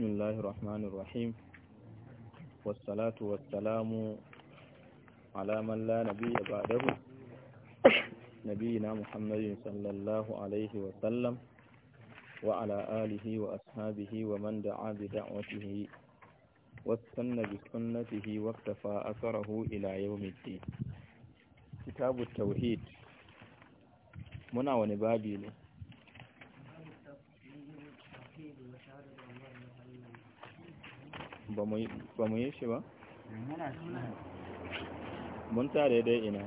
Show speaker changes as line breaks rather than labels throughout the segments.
بسم الله الرحمن الرحيم والصلاة والسلام على من لا نبي بعده نبينا محمد صلى الله عليه وسلم وعلى آله وأصحابه ومن دعا بدعوته واستنى بسنته واكتفى أثره إلى يوم الدين كتاب التوحيد منا ونبابي له ba mu yi shi ba? mun tare dai ina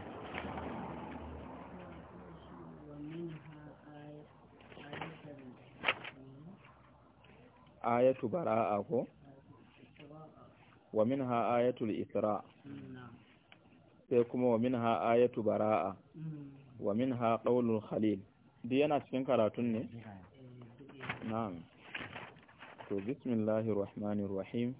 ayatu bara'a ko? wa min ha ayatul isra sai kuma wa min ha ayatu bara'a wa min ha khalil duk yana cikin karatun ne? na'am to bismillahir rahmanir rahim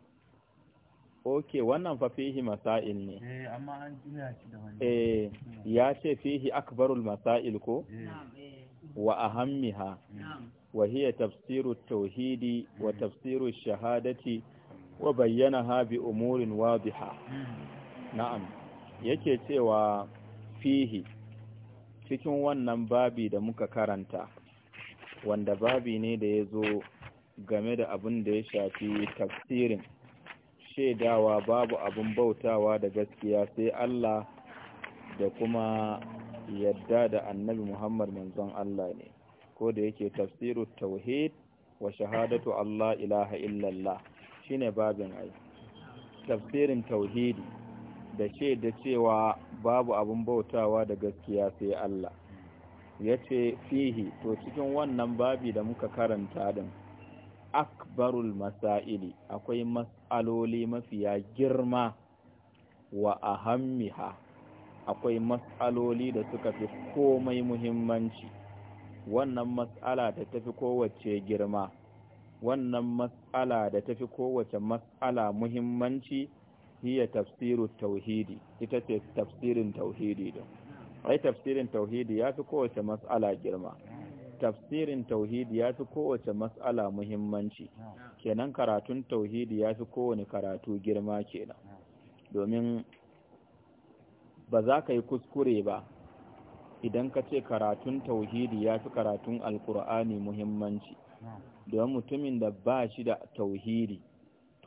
ok wannan fa fihi masail ne eh
amma an shi da wannan eh
hmm. ya ce fihi akbarul masail ko eh. Eh. wa ahammiha wa hiya tafsiru tauhidi wa hmm. tafsiru shahadati wa bayyanaha bi umurin wadiha hmm. na'am yake cewa fihi cikin wannan babi da muka karanta wanda babi ne da ya zo game da abin da ya shafi tafsirin shaidawa babu abin bautawa da gaskiya sai Allah da kuma yadda da annabi Muhammad manzon Allah ne ko da yake tafsirut tauhid wa shahadatu Allah ilaha illallah shine babin ai tafsirin tauhidi da ce da cewa babu abin bautawa da gaskiya sai Allah yace fihi to cikin wannan babi da muka karanta din akbarul masaili akwai mas mas'aloli mafiya girma wa ahammiha akwai mas'aloli da suka fi komai muhimmanci wannan mas'ala da tafi kowace girma wannan mas'ala da tafi kowace mas'ala muhimmanci hiya tafsiru tauhidi ita ce tafsirin tauhidi din ai tafsirin tauhidi ya fi kowace mas'ala girma tafsirin tauhidi ya fi kowace matsala muhimmanci kenan karatun tauhidi ya fi kowane karatu girma kenan domin ba za ka yi kuskure ba idan ka ce karatun tauhidi ya fi karatun alkur'ani muhimmanci don mutumin da ba shi da tauhidi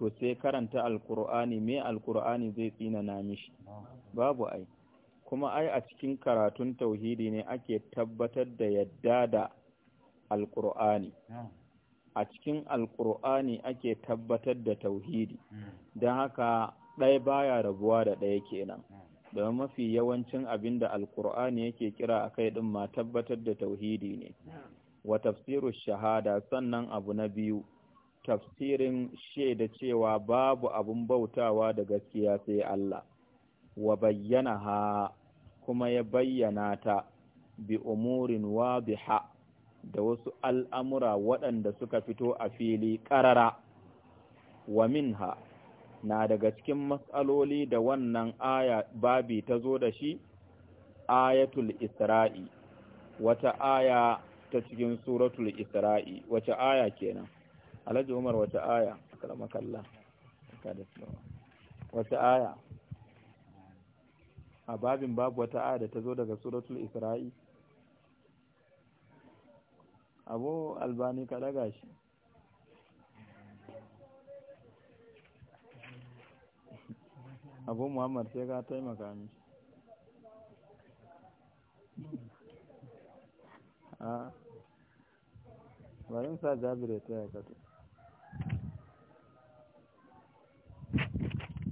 to sai karanta alkur'ani mai alkur'ani zai tsinana mishi babu ai kuma ai a cikin karatun tauhidi ne ake tabbatar da yadda da alƙur'ani hmm. a cikin alƙur'ani ake tabbatar da tauhidi hmm. don haka ɗaya baya rabuwa da ɗaya kenan hmm. don mafi yawancin abin da alƙur'ani yake kira a kai ɗin ma tabbatar da tauhidi ne wa tafsiru shahada sannan abu na biyu tafsirin shaida cewa babu abun bautawa da gaskiya sai Allah wa bayyana ha kuma ya bayyana ta bi umurin wa ha. da wasu al'amura waɗanda suka fito a fili ƙarara wa minha na daga cikin matsaloli da wannan aya babi ta zo da shi ayatul isra'i wata aya ta cikin suratul isra'i wace aya kenan alhaji umar wace aya kalla wace aya a babin babu wata aya da ta zo daga suratul isra'i abu albani ka daga shi abu muhammad sai ka taimaka mi a bari sa jabire ta ya kato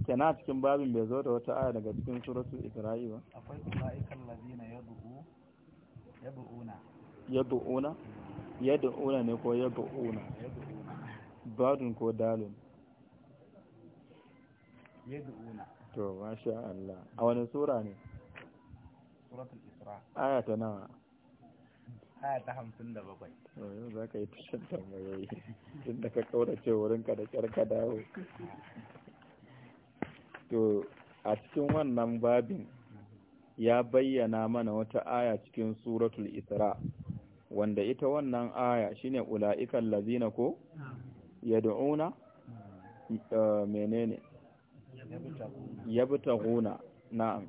kena cikin babin bai zo da wata aya daga cikin suratul isra'i ba akwai ula'ikan lazina ya yad'una yadda una ne ko yadda una badun ko dalin yadda una to masha Allah a wani sura ne suratul isra aya ta nawa aya ta hamsin da bakwai yau za ka yi tashin tambayoyi tun da ka kaurace wurinka da kyar ka dawo to a cikin wannan babin ya bayyana mana wata aya cikin suratul isra' wanda ita wannan aya shine ula'ikan lazina ko yad'una eh, menene yabtaguna na'am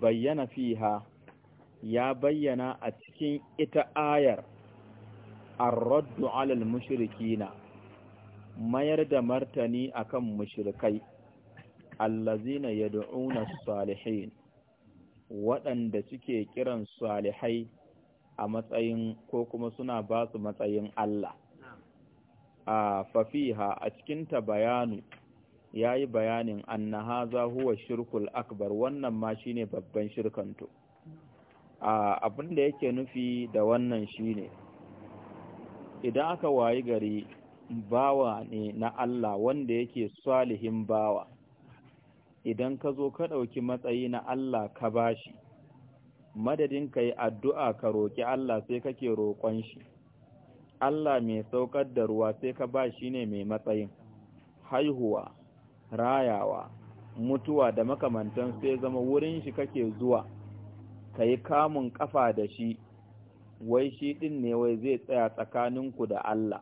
bayyana fiha ya bayyana a cikin ita ayar ar-raddu 'alal mushrikina mayar da martani akan mushrikai allazina yad'una as-salihin waɗanda suke kiran salihai a matsayin ko kuma suna ba su matsayin Allah a fafiha a cikinta bayanu ya yi bayanin annaha za huwa shirkul akbar wannan ma shi ne babban shirkanto abin da yake nufi da wannan shi ne. idan aka wayi gari bawa ne na Allah wanda yake salihin bawa idan ka zo ka ɗauki matsayi na Allah ka bashi madadin ka yi addu'a ka roƙi Allah sai kake roƙon shi Allah mai saukar da ruwa sai ka ba shi ne mai matsayin haihuwa rayawa mutuwa da makamantan sai zama wurin shi kake zuwa ka yi kamun ƙafa da shi wai shi ɗin ne wai zai tsaya tsakaninku da Allah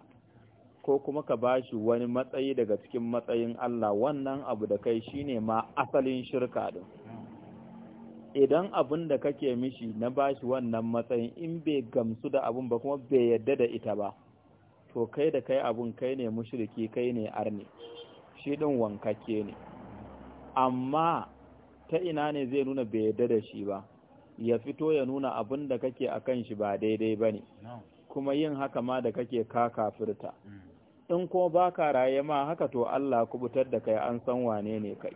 ko kuma ka ba shi wani matsayi daga cikin matsayin Allah wannan abu da kai shi ma asalin shirka ɗin idan abin da kake mishi na bashi wannan matsayin in bai gamsu da abin ba kuma bai yadda da ita ba to kai da kai abin kai ne mushriki kai ne arni shi din wankake ne amma ta ina ne zai nuna bai yadda da shi ba ya fito ya nuna abin da kake akan shi ba daidai ba ne kuma yin haka ma da kake ka kafirta
mm.
in ko baka raye ma haka to Allah kubutar da kai an san wane ne kai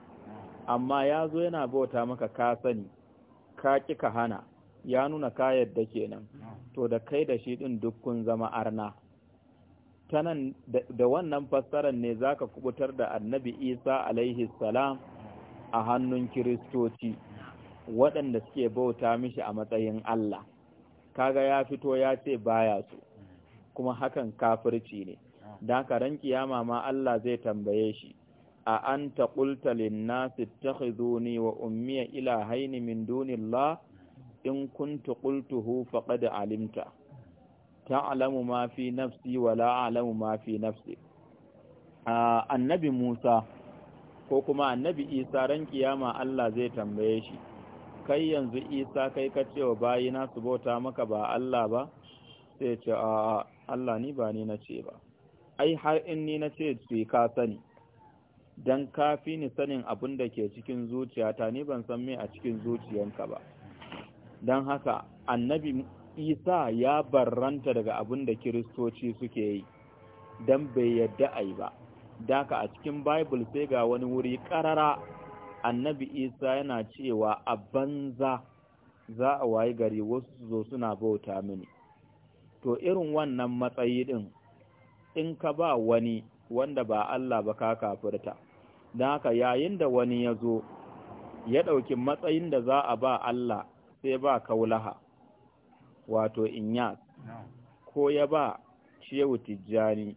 amma ya zo yana bauta maka ka sani ka ki ka hana ya nuna ka yadda kenan to da kai da shi din dukkun zama arna tanan da wannan fassarar ne zaka kubutar da annabi Isa alaihi salam a hannun kiristoci waɗanda suke bauta mishi a matsayin Allah kaga ya fito ya ce baya su kuma hakan kafirci ne da karan kiyama ma Allah zai tambaye shi a an ta ƙulta linnasi ta khizuni wa ummiya ila haini min la in kun kuntu ƙultuhu da alimta Ta ma fi nafsi wa la a'lamu ma fi nafsi annabi Musa ko kuma annabi Isa ran kiyama Allah zai tambaye shi kai yanzu Isa kai ka ce wa bayina su bauta maka ba Allah ba sai ce a Allah ni ba ni na ce ba ai har in ni na ce su ka sani don kafi ni sanin abin da ke cikin zuciyata ni ban san me a cikin zuciyanka ba don haka annabi isa ya barranta daga abin da kiristoci suke yi don bai yadda a yi ba daka a cikin bible sai ga wani wuri karara annabi isa yana cewa a banza za a wayi gari wasu zo suna bauta mini to irin wannan matsayi din in ka ba wani wanda ba Allah ba ka kafirta don haka yayin da wani ya zo ya ɗauki matsayin da za a ba Allah sai ba kaulaha wato inyas ko ya ba shehu tijjani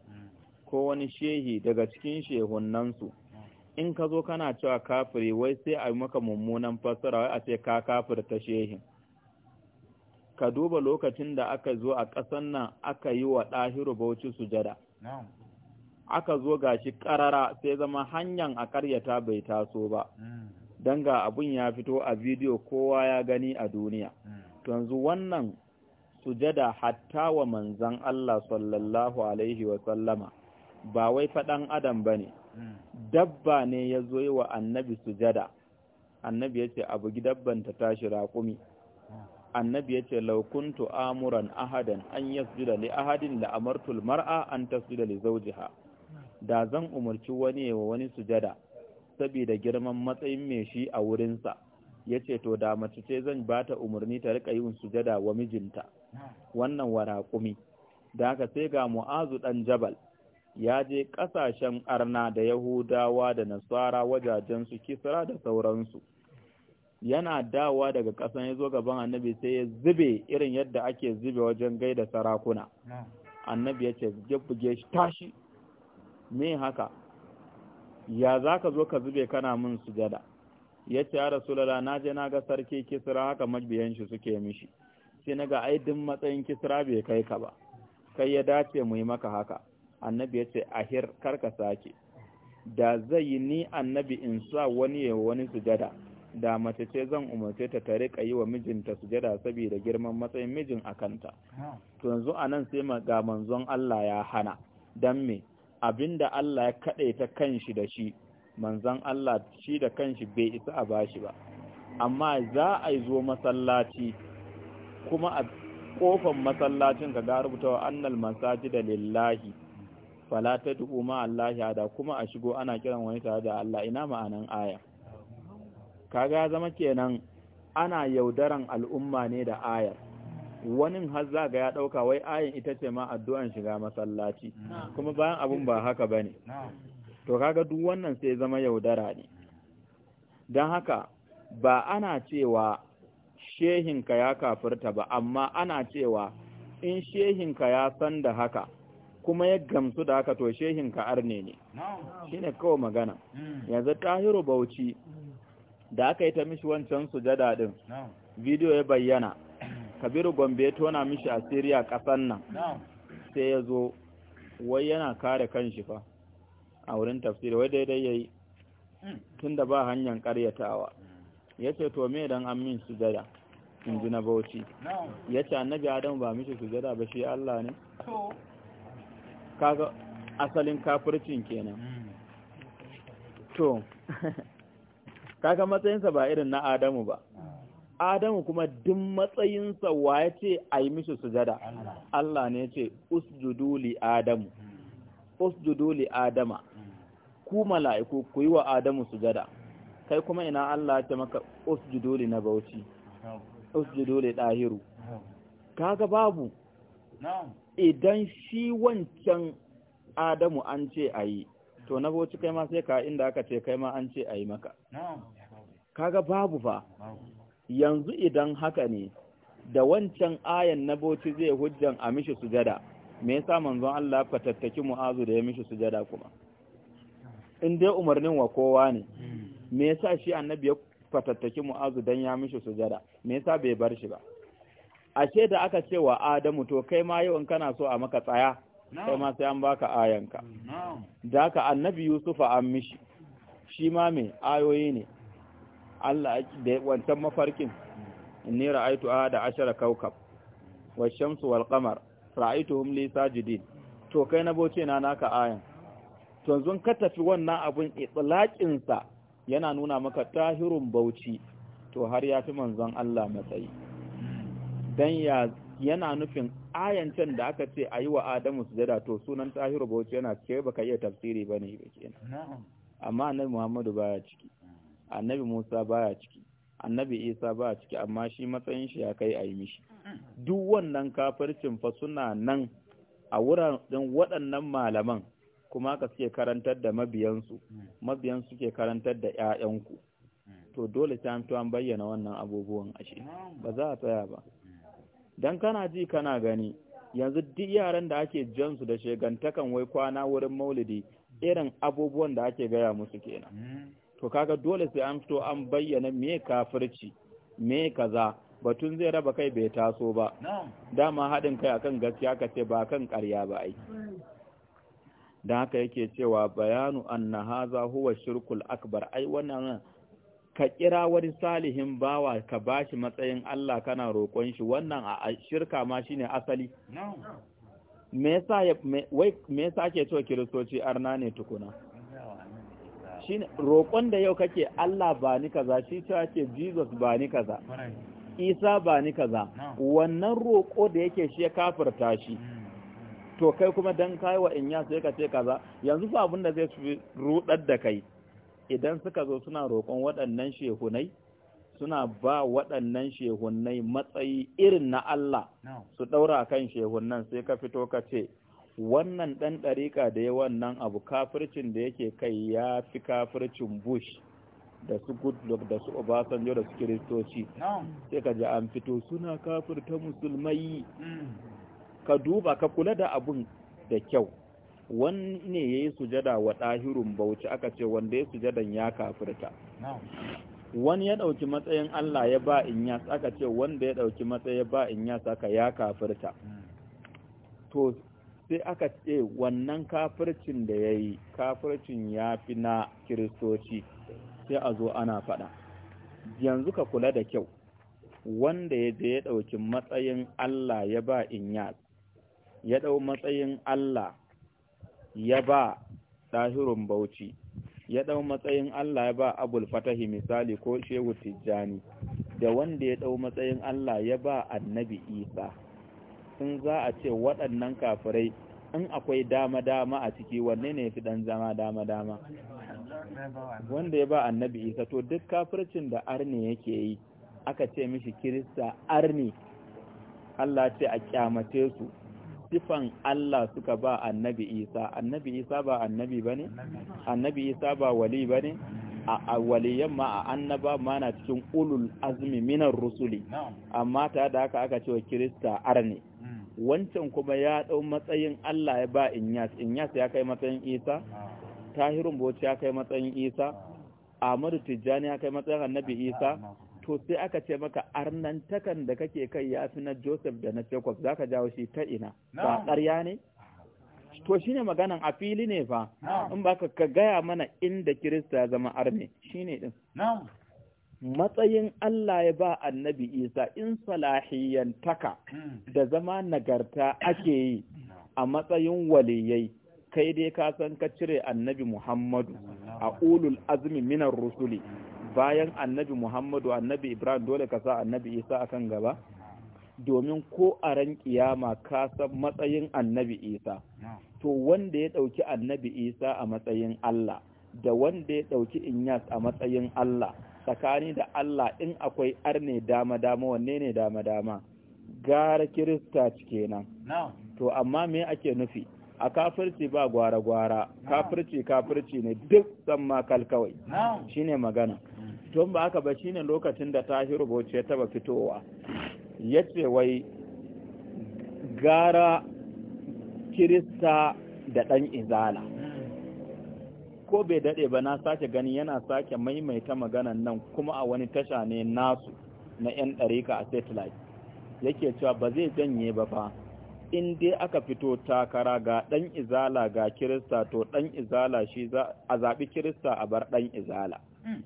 ko wani shehi daga cikin su in ka zo kana cewa kafiri wai sai a yi maka mummunan fasara wai a ce ka kafir ta shehin ka duba lokacin da aka zo a ƙasan nan aka yi wa ɗahiru bauchi sujada aka zo ga shi karara sai zama hanyar a karyata bai taso ba mm. don ga abun ya fito a bidiyo kowa ya gani a duniya mm. yanzu wannan sujada hatta wa manzan Allah sallallahu alaihi wasallama ba wai faɗan adam ba ne mm. dabba ne ya zo yi wa annabi sujada annabi ya ce abu dabban ta tashi raƙumi annabi ya ce laukuntu amuran ahadan an yasjuda li ahadin da amartul mar'a an tasjuda li zaujiha. da zan umarci wani wa wani sujada saboda girman matsayin me shi a wurinsa ya ce to da mace ce zan ba ta umarni ta rika yin sujada wa mijinta wannan waraƙumi da haka sai ga mu'azu ɗan jabal ya je ƙasashen arna da yahudawa da nasara wajajensu kisra da sauransu yana dawa daga ƙasan ya zo gaban annabi sai ya zube irin yadda ake zube wajen gaida sarakuna annabi ya ce buge shi tashi me haka ya za ka zo ka zube kana min sujada ya ce ya rasulala na je na ga sarki kisra haka mabiyan shi suke mishi sai na ga ai duk matsayin kisra bai kai ka ba kai ya dace mu yi maka haka annabi ya ce ahir ka sake da zai yi ni annabi in sa wani ya wani sujada da mace ce zan umarce ta ta ka yi wa mijinta sujada saboda girman matsayin mijin a kanta to yanzu anan sai ga manzon Allah ya hana dan me abinda Allah ya ta kanshi da shi manzon Allah shi da kanshi bai isa a bashi ba amma za a zo masallaci kuma a kofan masallacin ka ga rubuta wa annal masajida lillahi fala tad'u ma Allahi da, kuma a shigo ana kiran wani tare da Allah ina ma'anan aya kaga zama kenan ana yaudaran al'umma ne da ayar wani har za ga ya ɗauka wai ayin ita ce ma addu'an shiga masallaci kuma bayan abun ba haka ba ne to kaga duk wannan sai zama yaudara ne don haka ba ana cewa shehinka ya kafirta ba amma ana cewa in shehin ka ya san da haka kuma ya gamsu da haka to shehin ka arne ne shine kawai magana mm. yanzu tahiru bauchi da aka yi ta mishi wancan sujada din bidiyo ya bayyana kabiru gombe ya tona mishi asiri a ƙasan nan sai ya zo wai yana kare kanshi fa a wurin tafsiri wai daidai ya yi hmm. tun da ba hanyar karyatawa ya ce to me dan an min sujada in ji na bauchi ya ce annabi adam ba mishi sujada ba shi Allah ne kaga asalin kafircin kenan hmm. to kaga matsayinsa ba irin na adamu ba ah. Adamu kuma duk matsayinsa wa ya ce a yi mishi sujada, Allah ne ya ce, Usjudu li Adamu, hmm. Usjudu li Adama, hmm. ku mala'iku ku yi wa Adamu sujada, kai kuma ina Allah ya ce maka Usjudu li na bauchi, hmm. Usjudu li ɗahiru. Kaga babu, idan shi wancan Adamu an ce a yi, to na bauchi kai ma sai ka inda aka ce kai ma an ce a yi maka. Kaga babu fa. yanzu idan haka ne da wancan ayan na boci zai hujjan a mishi sujada me yasa manzon Allah ka tattaki mu'azu da ya mishi sujada kuma in dai umarnin wa kowa ne me yasa shi annabi ya fatattaki mu'azu dan ya mishi sujada me yasa bai bar shi ba ashe da aka ce wa adamu to kai ma yau in kana so a maka tsaya kai ma sai an baka ayanka da haka annabi yusufa an mishi shi ma me ayoyi ne Allah da wancan mafarkin inni ra'aitu ahada ashara kawkab wash-shamsu wal-qamar ra'aituhum li sajidin to kai na boce na naka ayan to yanzu ka tafi wannan abun itlaqin sa yana nuna maka tahirun bauchi to har ya fi manzon Allah matsayi dan ya yana nufin ayan can da aka ce ayi wa Adamu sujada to sunan tahiru bauchi yana ce baka iya tafsiri bane
kenan
amma annabi Muhammadu baya ciki annabi Musa baya ciki annabi Isa baya ciki amma shi matsayin shi ya kai a yi mishi duk wannan kafircin fa suna nan a wuraren waɗannan malaman kuma ka suke karantar da mabiyansu mabiyansu suke karantar da 'ya'yanku to dole ta an bayyana wannan abubuwan ashe ba za a tsaya ba dan kana ji kana gani yanzu duk yaran da ake jan su da shegantakan wai kwana wurin maulidi irin abubuwan da ake gaya musu kenan to kaga dole sai an fito an bayyana me kafirci me kaza batun zai raba kai bai taso ba dama haɗin kai akan gaskiya ka ce ba kan ƙarya ba ai da haka yake cewa bayanu anna haza huwa shirkul akbar ai wannan ka kira wani salihin bawa ka bashi matsayin Allah kana roƙon shi wannan a shirka ma shine asali me yasa wai me yasa ake cewa kiristoci arna ne tukuna shi roƙon da yau kake Allah ba ni kaza shi cewa ke Jesus ba ni kaza Isa ba ni kaza wannan roƙo da yake shi ya kafarta shi mm, mm. to kai kuma dan kai wa inya sai ka ce kaza yanzu fa abin da zai rudar da kai idan suka zo suna roƙon waɗannan shehunai suna ba waɗannan shehunai matsayi irin na Allah su ɗaura kan shehunan sai ka fito ka ce wannan ɗan ɗariƙa da ya wannan abu kafircin da yake kai ya fi kafircin bush da su goodluck da su obasanjo da su kiristoci sai ka ji an fito suna kafirta musulmai mm. ka duba ka kula da abun da kyau wanne ya yi sujada wa ɗahirun bauchi aka ce wanda ya sujadan ya kafirta wani ya ɗauki matsayin Allah ya ba in aka ce wanda ya ɗauki matsayin ba in yasa ka ya kafirta mm. to sai aka ce wannan kafircin da ya yi kafircin ya fi na kiristoci sai a zo ana faɗa yanzu ka kula da kyau wanda ya je ya ɗauki matsayin Allah ya ba inyas ya ɗau matsayin Allah ya ba tahirun bauchi ya ɗau matsayin Allah ya ba abul fatahi misali ko shehu tijjani da wanda ya ɗau matsayin Allah ya ba annabi isa in za a ce waɗannan kafirai in akwai dama-dama a ciki wanne ne fi dan zama dama-dama wanda ya ba annabi isa to duk kafircin da arne yake yi aka ce mishi kirista arne Allah ce a kyamace su sifan Allah suka ba annabi isa annabi isa ba annabi ba ne annabi isa ba wali ba ne a waliyan ma a annaba ma na cikin ulul azmi minar rusuli amma ta da haka aka ce wa kirista arne hmm. wancan kuma ya ɗau matsayin Allah ya ba Inyas Inyas ya kai matsayin Isa Tahirun Bauchi ya kai matsayin Isa Amadu Tijjani ya kai matsayin Annabi Isa to sai aka ce maka arnantakan da kake kai ya fi na Joseph da na Jacob zaka jawo shi ta ina ba ƙarya ne to shine maganan a fili ne fa in ba ka gaya mana inda Kirista ya zama arme shine din na'am matsayin Allah ya ba annabi Isa in salahiyantaka hmm. da zama nagarta ake yi a matsayin waliyai kai dai ka san ka cire annabi Muhammadu a ulul azmi minar rusuli bayan annabi Muhammadu annabi Ibrahim dole ka sa annabi Isa a kan gaba domin ko a ran kiyama ka san matsayin annabi Isa to wanda ya dauki annabi Isa a matsayin Allah da wanda ya dauki Inyas a matsayin Allah tsakani da Allah in akwai arne dama-dama wanne ne dama-dama gara kirista kenan to amma me ake nufi a kafirci ba gwara-gwara kafirci kafirci ne duk san makal kawai shine magana mm. tun ba haka ba shine lokacin da tahiru bauchi ya taɓa fitowa ya ce wai gara kirista da ɗan izala ko bai daɗe ba na sake gani yana sake maimaita maganan nan kuma a wani tasha ne nasu na 'yan ɗarika a satellite yake cewa ba zai janye ba fa in dai aka fito takara ga ɗan izala ga kirista to ɗan izala shi a zaɓi kirista a bar ɗan izala hmm.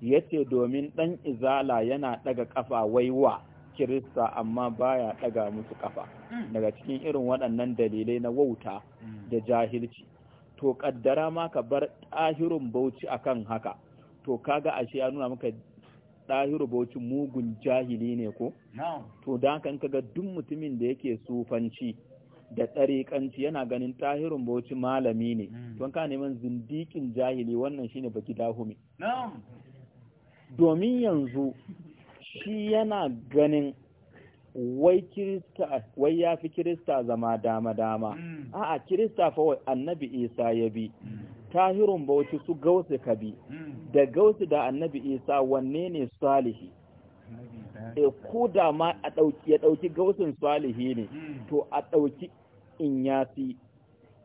ya ce domin ɗan izala yana ɗaga ƙafa waiwa kirista amma baya ɗaga musu ƙafa hmm. daga cikin irin waɗannan dalilai na wauta hmm. da jahilci to kaddara ma ka bar ɗahirun bauchi akan haka to kaga ashe ya nuna maka ɗahiru bauchi mugun jahili ne ko to da haka in kaga duk mutumin da yake sufanci da ɗariƙanci yana ganin ɗahirun bauchi malami ne don hmm. ka neman zindikin jahili wannan shine baki dahumi domin yanzu shi yana ganin wai kirista wai ya fi kirista zama dama-dama mm. a'a kirista fa wai annabi isa ya bi mm. tahirun bauchi su gausu ka bi mm. da gausu da annabi isa wanne ne salihi e ko da ma a ɗauki ya dauki gausun salihi ne to a ɗauki fi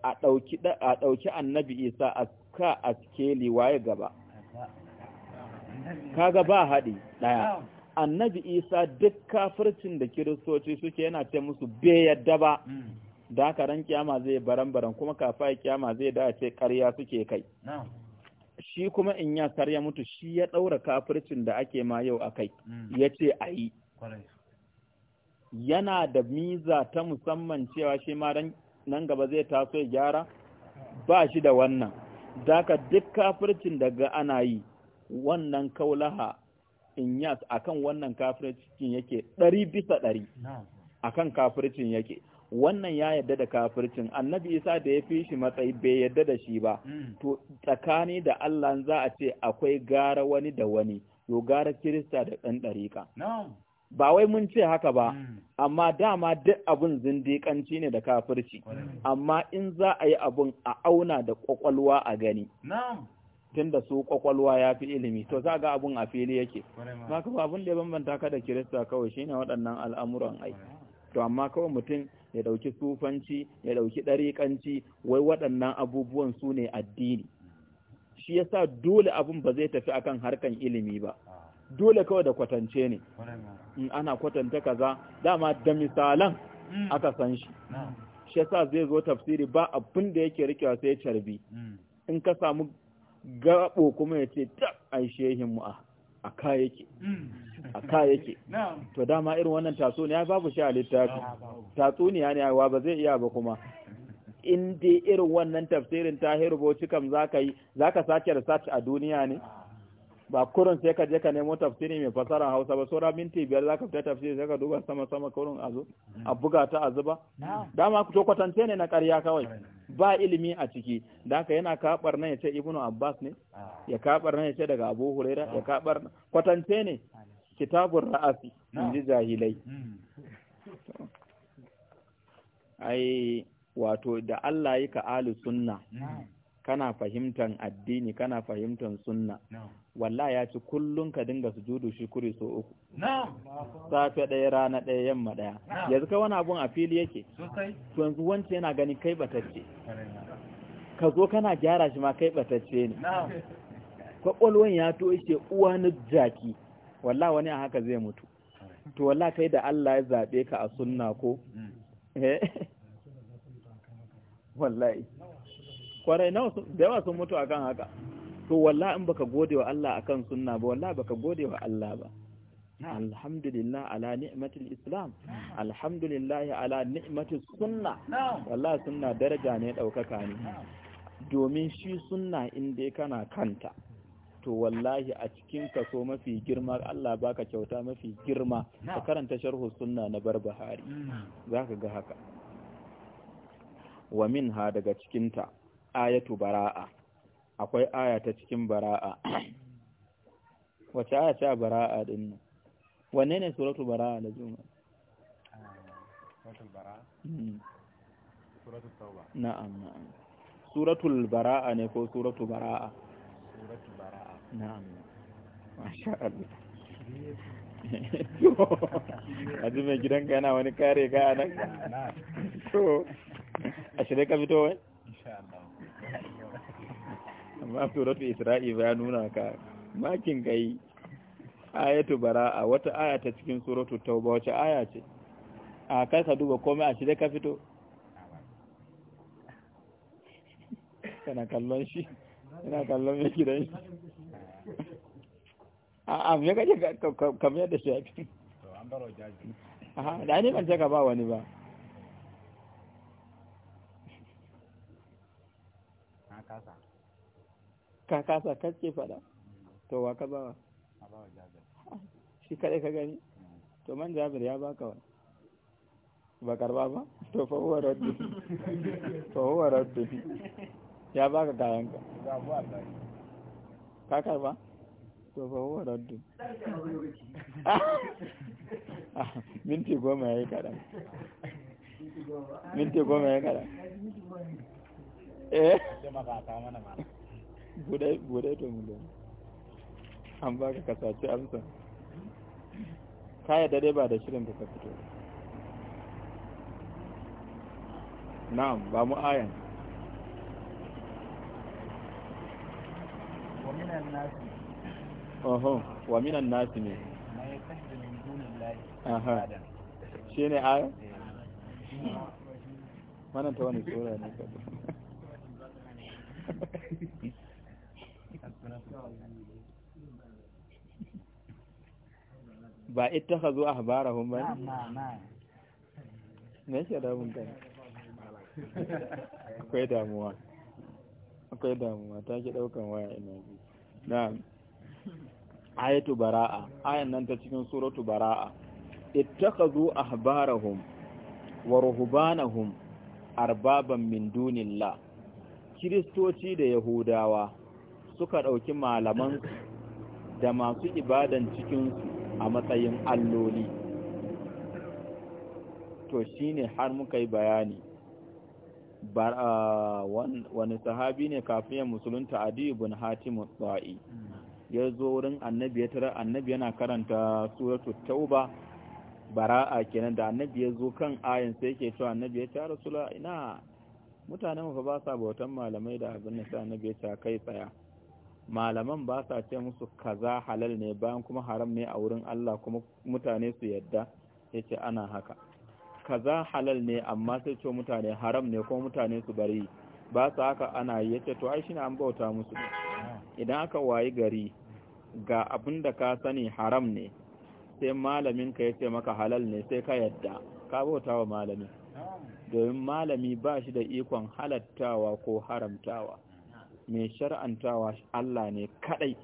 a ɗauki a ɗauki annabi isa a ka a skeli waye gaba kaga ba haɗi ɗaya annabi isa duk kafircin da kiristoci suke yana ce musu bai yadda ba hmm. da haka ran kiyama zai baran-baran kuma kafa kiyama zai da ce karya suke kai shi kuma in ya ya mutu shi ya ɗaura kafircin da ake ma yau a kai hmm. ya ce a yi yana da miza ta musamman cewa shi ma nan gaba zai taso ya gyara ba shi da wannan daka duk kafircin daga ana yi wannan kaulaha inyas a kan wannan kafircin yake ɗari bisa ɗari a kan kafircin yake wannan ya yadda da kafircin annabi isa da ya fi shi matsayi bai yadda da shi ba mm. to tsakani da allah za a ce akwai gara wani da wani to gara kirista da ɗan ɗariƙa ba wai mun ce haka ba mm. amma dama duk abun zindiƙanci ne da kafirci amma in za a yi abun a auna da ƙwaƙwalwa a gani tun da su kwakwalwa ya fi ilimi to za ga abun a fili yake ba ka abun da ya bambanta ka da kirista kawai shine waɗannan al'amuran ai to amma kawai mutum ya ɗauki sufanci ya ɗauki ɗariƙanci wai waɗannan abubuwan su ne addini shi ya sa dole abun ba zai tafi akan harkan ilimi ba ah. dole kawai da kwatance ne in ana kwatanta kaza dama da misalan mm. aka san shi shi sa zai zo tafsiri ba abin da yake rikewa sai carbi mm. in ka samu Gaɓo kuma ya ce ta ai shehin mu a ka yake a ka yake to dama irin wannan tatsuniya babu shi a littafi ah, tatsuniya ne wa ba zai iya ba kuma in dai irin wannan tafsirin ta kam za zaka yi zaka sake research a duniya ne ah. ba kurun sai ka je ka nemo tafsiri mai fasara hausa ba saura minti biyar za ka fita tafsiri sai ka duba sama sama kurun a zo a buga ta a zuba dama ku kwatance ne na ƙarya kawai ba ilimi a ciki da haka yana kabar nan ya ce ibnu abbas ne ah. ya kabar nan ya ce daga abu huraira ya ah. kabar kwatance ne kitabun ra'asi in ji jahilai hmm. ai wato da Allah yi ka alu sunna kana fahimtar addini kana fahimtar sunna walla ya ci kullum ka dinga sujudu shukuri so uku safe ɗaya rana ɗaya yamma daya yanzu kai wani abun a fili yake yanzu wancan yana gani kai batacce ka zo kana gyara shi ma kai batacce ne kwakwalwan ya to uwa na jaki walla wani a haka zai mutu to walla kai da Allah ya zabe ka a sunna ko mm. eh. wallahi kwarai nawa da yawa sun mutu akan haka to wallahi in baka gode wa Allah akan sunna ba wallahi baka gode wa Allah ba alhamdulillah ala ni'matil islam alhamdulillah ala ni'matis sunna wallahi sunna daraja ne daukaka ne domin shi sunna in dai kana kanta to wallahi a cikin kaso mafi girma Allah baka kyauta mafi girma ka karanta sharhu sunna na barbahari zaka ga haka wa minha daga cikinta ayatu bara'a akwai aya ta cikin bara'a wace aya a bara'a din nan wanne ne suratul bara'a da juma
ah, suratul bara'a hmm. suratul na'am
na'am suratul bara'a ne ko suratul bara'a
suratul bara'a
na'am masha Allah aji mai gidanka yana wani kare ka nan to a shirye ka fito wai insha Allah amma suratu isra'i ya nuna ka makin gai ayatu a wata aya ta cikin suratu tauba wace aya ce a kai ka duba komai a shirye ka fito kana kallon shi ina kallon mai gidan shi a me kaje kamar yadda shi ya fi da ne ban ka ba wani ba kasa ka kasa kake fada to wa ka bawa shi kadai ka gani to man jabir ya baka wa ba karba ba to fa huwa raddi to huwa raddi ya baka kayan ka ba to fa huwa raddi minti goma ya yi kaɗan minti goma ya yi eh bude to mu an baka kasace amsa kaya dare ba da shirin ka fito na'am ba mu ayan wa minan nasi oho wa minan nasi ne mai tahdu min dunillahi Shi ne ayan
eh. Manan ta wani tsora ne ka
ba ita ka zo a habarahun ba ne shi abin kai akwai damuwa akwai damuwa ta ki daukan waya ina ji na ayatu bara'a ayan nan ta cikin suratu bara'a ittakhadhu ahbarahum wa ruhbanahum arbaban min dunillah kiristoci da yahudawa suka ɗauki malamansu da masu ibadan cikinsu a matsayin alloli to shine har muka yi bayani wani sahabi ne kafin ya musulunta adi ibn hatim tsa'i ya zo wurin annabi ya tara annabi yana karanta suratu tauba bara'a kenan da annabi ya zo kan ayin sai ke cewa annabi ya tara sula ina mutanen ba ba sa bautan malamai da abin da na nabi ya kai tsaya malaman ba sa ce musu kaza halal ne bayan kuma haram ne a wurin Allah kuma mutane su yadda yace ana haka kaza halal ne amma sai ce mutane haram ne kuma mutane su bari ba sa haka ana yace to ai shine an bauta musu idan aka wayi gari ga abin da ka sani haram ne sai malamin ka ce maka halal ne sai ka yadda ka bauta wa malamin domin malami ba shi da ikon halattawa ko haramtawa mai shar'antawa Allah ne kadai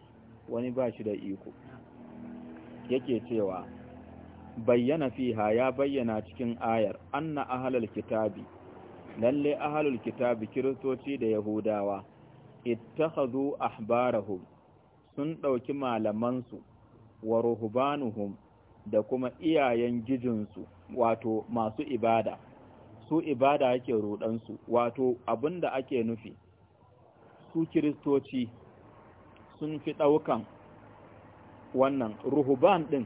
wani ba shi da iko yake cewa bayyana fiha ya bayyana cikin ayar anna ahlul kitabi lalle ahlul kitabi kiristoci da yahudawa ittakhadhu ahbarahum sun dauki malamansu wa ruhbanuhum da kuma iyayen gijinsu wato masu ibada su ibada yake rudansu wato abin da ake nufi su kiristoci sun fi ɗaukan wannan ruhuban din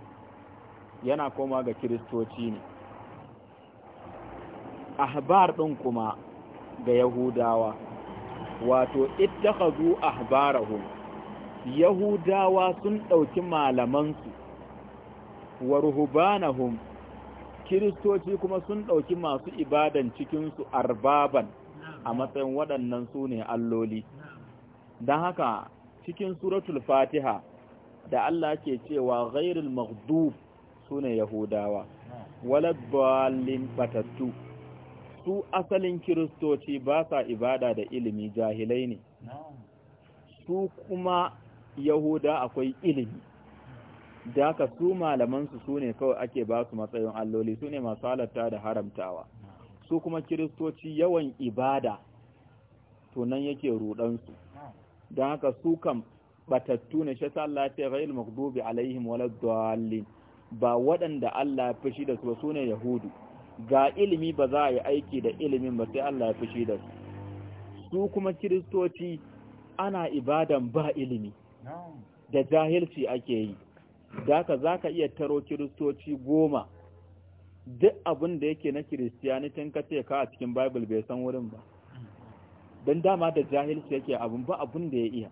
yana koma ga kiristoci ne ahbar din kuma ga yahudawa wato ittakhadhu ahbarahum yahudawa sun ɗauki malamansu wa ruhubanahum kiristoci kuma sun ɗauki masu ibadan cikinsu arbaban a matsayin waɗannan su ne alloli don haka cikin suratul fatiha da Allah ke cewa ghairul maghdub su ne yahudawa waladbalin batattu su asalin kiristoci ba sa ibada da ilimi jahilai ne su kuma yahuda akwai ilimi da haka su malamansu su ne kawai ake ba su matsayin alloli su ne masu halatta da haramtawa su kuma kiristoci yawan ibada to nan yake rudansu don haka su kam batattu ne shi Allah ta ghail maghdubi alaihim waladdallin ba waɗanda Allah ya fushi da su su ne yahudu ga ilimi ba za a yi aiki da ilimin ba sai Allah ya fushi da su su kuma kiristoci ana ibadan ba ilimi da jahilci ake yi da haka za ka iya taro kiristoci goma duk abin da yake na kiristiyanitin ka ce ka a cikin bible bai san wurin ba don dama da jahilci yake abin ba abin da ya iya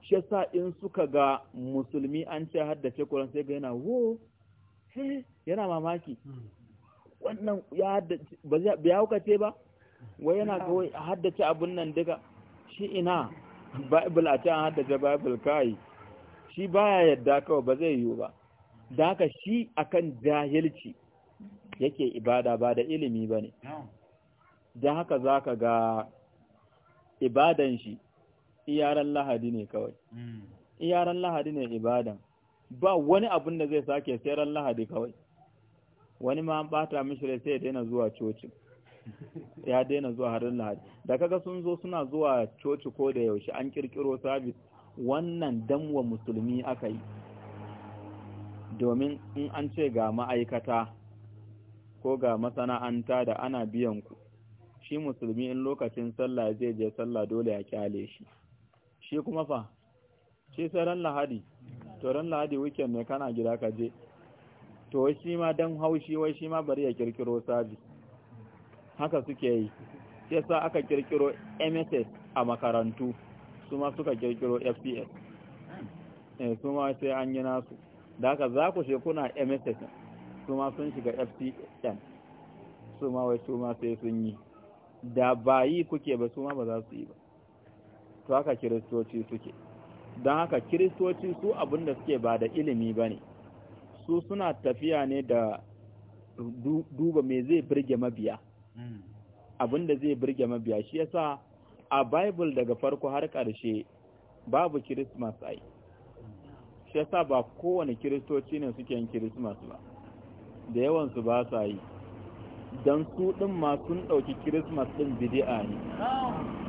shi yasa in suka ga musulmi an ce haddace kuran sai ga yana wo yana mamaki wannan ya haddace ba ya ce ba wai yana ga haddace abun nan duka shi ina bible a can haddace bible kai shi ba ya yarda kawai ba zai yiwu ba da haka shi akan jahilci yake ibada ba da ilimi ba ne da haka za ka ga ibadan shi iyaran lahadi ne kawai iyaran lahadi ne ibadan ba wani abin da zai sake sai lahadi kawai wani ma an bata mishi sai ya daina zuwa cocin ya daina zuwa harin lahadi da kaga sun zo suna zuwa coci ko da yaushe an kirkiro sabis wannan damwa musulmi aka yi domin in an ce ga ma'aikata ko ga masana'anta da ana biyan ku shi musulmi in lokacin sallah zai je sallah dole ya kyale shi shi kuma fa shi sai ran lahadi to ran lahadi wikin ne kana gida ka je to shi ma dan haushi wai shi ma bari ya kirkiro sabi haka suke yi sai sa aka kirkiro MSS a makarantu su ma suka kirkiro fps eh, su ma sai an yi nasu da haka za ku shekuna mss su ma sun shiga fcn su ma wai su ma sai sun yi da ba yi kuke ba su ma ba za su yi ba to haka kiristoci suke don haka kiristoci su abinda suke ba da ilimi ba ne su suna tafiya ne da duba me zai birge mabiya hmm. abinda zai birge mabiya shi yasa a bible daga farko har ƙarshe babu christmas ai shi yasa ba kowane kiristoci ne suke yin christmas ba da yawansu ba sa yi don su ɗin ma sun ɗauki christmas ɗin bidi'a ne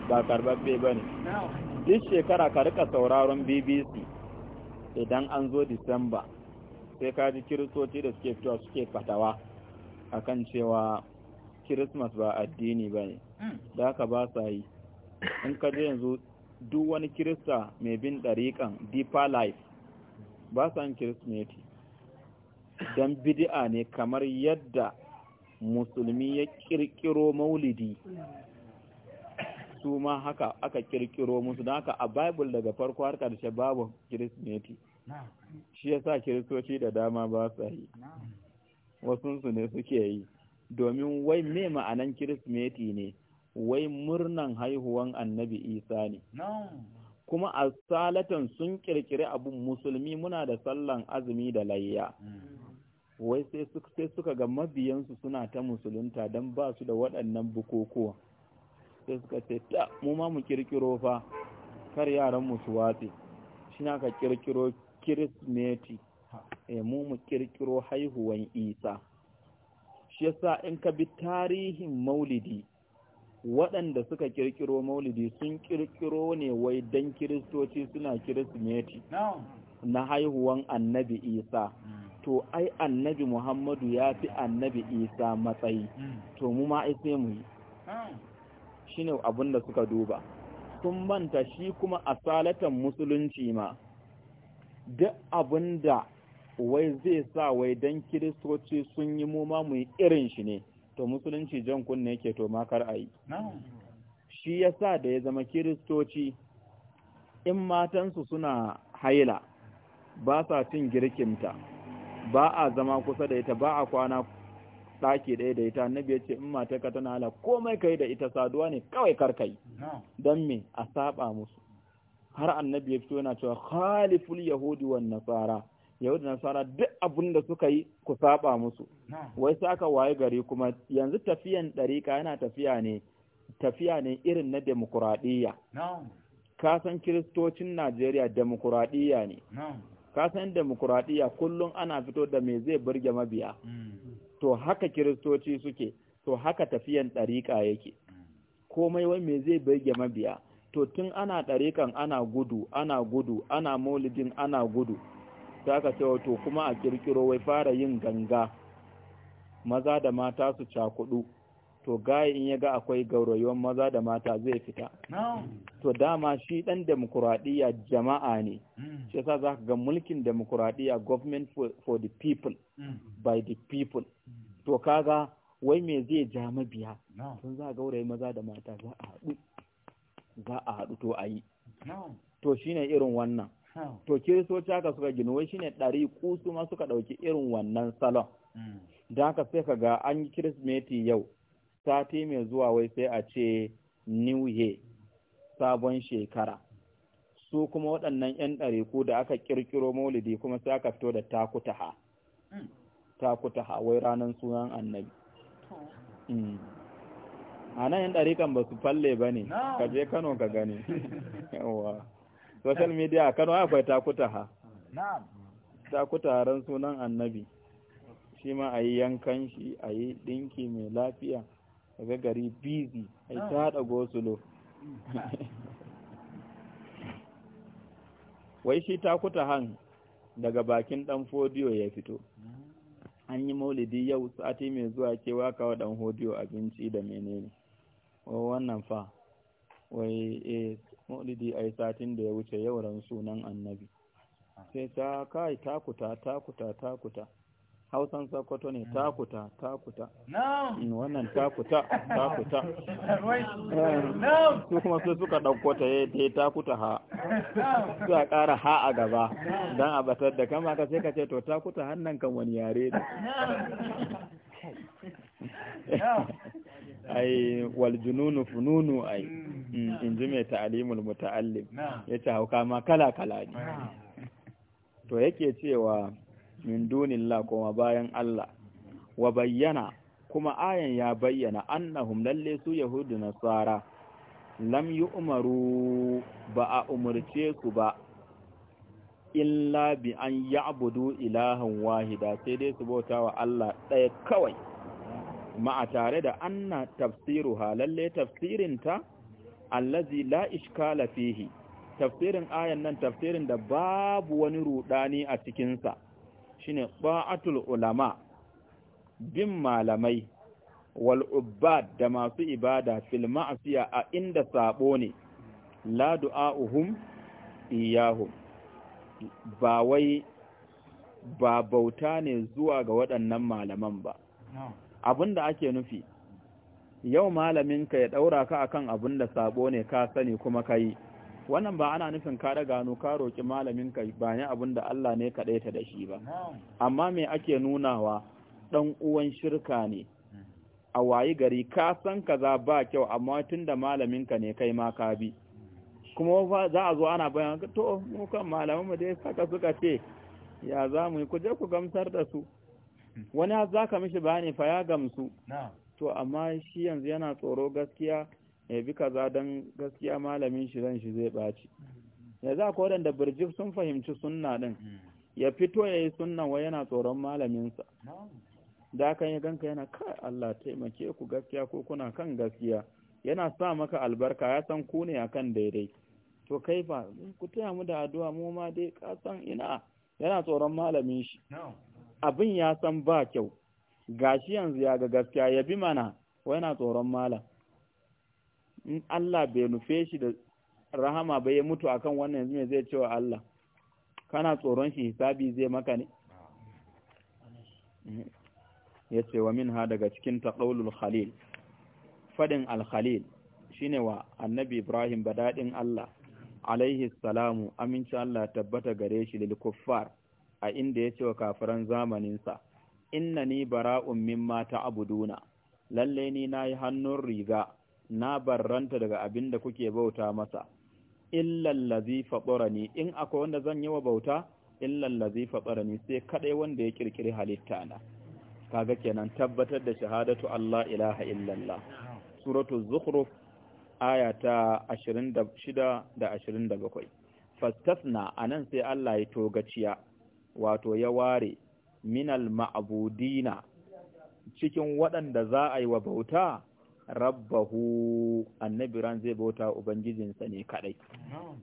ba karɓaɓɓe ba ne duk shekara ka rika sauraron bbc idan an zo disamba sai ka ji kiristoci da suke fitowa suke fatawa akan cewa kirismas ba addini ba ne da haka ba sa yi in ka je yanzu duk wani kirista mai bin ɗariƙan deeper life ba san kirismeti don bidi'a ne kamar yadda musulmi ya ƙirƙiro maulidi su ma haka aka kirkiro musu don haka a bible daga farko har karshe babu kirismeti shi ya sa kiristoci da dama ba sa yi wasunsu ne suke yi domin wai me ma'anan kirismeti ne wai murnan haihuwan annabi isa ne kuma a salatan sun kirkiri abun musulmi muna da sallan azumi da layya mm. wai sai suka ga mabiyansu suna ta musulunta don ba su da waɗannan bukukuwa sai suka ce ta mu ma mu kirkiro fa kar yaran mu su watsi shi na ka kirkiro kirismeti e eh, mu mu kirkiro haihuwan isa shi yasa in ka bi tarihin maulidi waɗanda suka kirkiro maulidi sun kirkiro ne wai dan kiristoci suna kirismeti na haihuwan annabi isa hmm. to ai annabi muhammadu ya fi annabi isa matsayi hmm. to mu ma sai mu yi shi ne abinda suka duba sun manta shi kuma a salatan musulunci ma duk abinda wai zai sa wai dan kiristoci sun yi mu ma mu yi irin shi ne to musulunci jan kunne yake to makar a yi shi yasa da ya zama kiristoci in matansu suna haila ba sa cin girkinta ba a zama kusa da ita ba a kwana ɗaki ɗaya da ita annabi yace in in ka tana hala komai kai da ita saduwa ne kawai karkai don me a saba musu har annabi ya yana cewa khaliful yahudi wan nasara yahudu nasara duk abin da suka yi ku saba musu wai sai aka waye gari kuma yanzu tafiyan ɗarika yana tafiya ne tafiya ne irin na demokuraɗiyya kasan kiristocin najeriya demokuraɗiyya ne kasan demokuraɗiyya kullum ana fito da me zai burge mabiya mm. to haka kiristoci suke to haka tafiyan ɗarika yake mm. komai wai me zai burge mabiya to tun ana ɗarikan ana gudu ana gudu ana maulidin ana gudu sai aka ce oh, to kuma a kirkiro wai fara yin ganga maza da mata su cakudu to gaya in ya ga akwai gaurayon maza da mata zai fita to dama shi dan demokuraɗiyya jama'a ne hmm. shi yasa za ka ga mulkin demokuraɗiyya government for, the people hmm. by the people to kaga wai me zai ja mabiya sun za gaurayi maza da mata za a haɗu za a haɗu to a yi to shine irin wannan to kiristoci haka suka gina wai shine ɗari kusu ma suka ɗauki irin wannan salon hmm. da haka sai ka ga an yi kirismeti yau sati mai zuwa wai sai a ce new year sabon shekara su kuma waɗannan 'yan ɗariku da aka ƙirƙiro maulidi kuma sai aka fito da takutaha hmm. takutaha wai ranar sunan annabi hmm. a nan 'yan ɗarikan ba su falle ba ne ka je kano ka gani social media a Kano akwai takuta ha takuta ran sunan annabi shi ma ayi yankan shi ayi dinki mai lafiya daga gari busy ai ta hada gosulo wai shi takuta han daga bakin dan fodiyo ya fito an yi maulidi yau sati mai zuwa kewa kawo dan hodiyo abinci da menene wannan fa wai eh maulidi ai satin da ya wuce yauran sunan annabi sai ta kai takuta takuta takuta hausan sokoto ne hmm. takuta takuta hmm, wannan takuta takuta su kuma su suka ɗaukota ta ya eh, ta takuta ha suka ƙara ha a gaba don a batar da kama ka sai ka ce to takuta hannan kan wani yare da ai waljununu fununu ai hmm. in ji mai ta'alimul muta'allim ya ce hauka ma kala kala ne to yake cewa min dunin kuma bayan Allah wa bayyana kuma ayan ya bayyana annahum lalle su yahudu nasara lam yi umaru ba a umarce su ba In labi an ya'budu ilahan wahida sai dai su bauta wa Allah ɗaya kawai Ma a tare da anna ha lalle tafsirinta allazi la iskala fihi tafsirin ayan nan tafsirin da babu wani rudani a cikin sa shine ba'atul ulama bin malamai wal ubbad da masu ibada fil ma'asiya a inda sabo ne la du'a'uhum iyahum ba wai ba bauta ne zuwa ga waɗannan malaman ba abinda ake nufi yau malaminka ya ɗaura ka akan abin da sabo ne ka sani kuma ka yi wannan ba ana nufin ka daga gano ka roƙi malaminka ba ne abin da Allah ne kaɗai ta da shi ba amma me ake nunawa ɗan uwan shirka ne a wayi gari ka san kaza ba kyau amma tun da malaminka ne kai ma ka bi kuma za a zo ana bayan to mu kan malamin mu dai saka suka ce ya za mu yi ku je ku gamsar da su wani za ka mishi bayani fa ya gamsu to amma shi yanzu yana tsoro gaskiya ya bi kaza don gaskiya malamin shi zan shi zai ɓaci ya za ku da birjif sun fahimci sunna din ya fito ya yi sunna wa yana tsoron malaminsa da kan ya ganka yana ka Allah taimake ku gaskiya ko kuna kan gaskiya yana sa maka albarka ya san ku ne akan daidai to kai fa ku taya mu da addu'a mu ma dai ka san ina yana tsoron malamin shi abin ya san ba kyau gashi yanzu ya ga gaskiya ya bi mana wai na tsoron malam in Allah bai nufe shi da rahama bai ya mutu akan wannan yanzu mai zai cewa Allah kana tsoron shi hisabi zai maka ne ya ce wa min ha daga cikin taɗaulul khalil faɗin al-khalil shine wa annabi ibrahim ba daɗin Allah alaihi salamu aminci Allah tabbata gare shi lil kuffar a inda ya ce wa kafiran zamaninsa inna ni bara'un mimma ta'buduna lalle ni nayi hannun riga na barranta daga abin da kuke bauta masa illal ladhi fatarani in akwai wanda zan yi wa bauta illal ladhi fatarani sai kadai wanda ya kirkiri halitta na kaga kenan tabbatar da shahadatu Allah ilaha illallah suratu zukhruf aya ta 26 da 27 fastasna anan sai Allah ya togaciya wato ya ware minal ma'abudina cikin waɗanda za a yi wa bauta rabbahu annabi ran zai bauta ubangijinsa ne kadai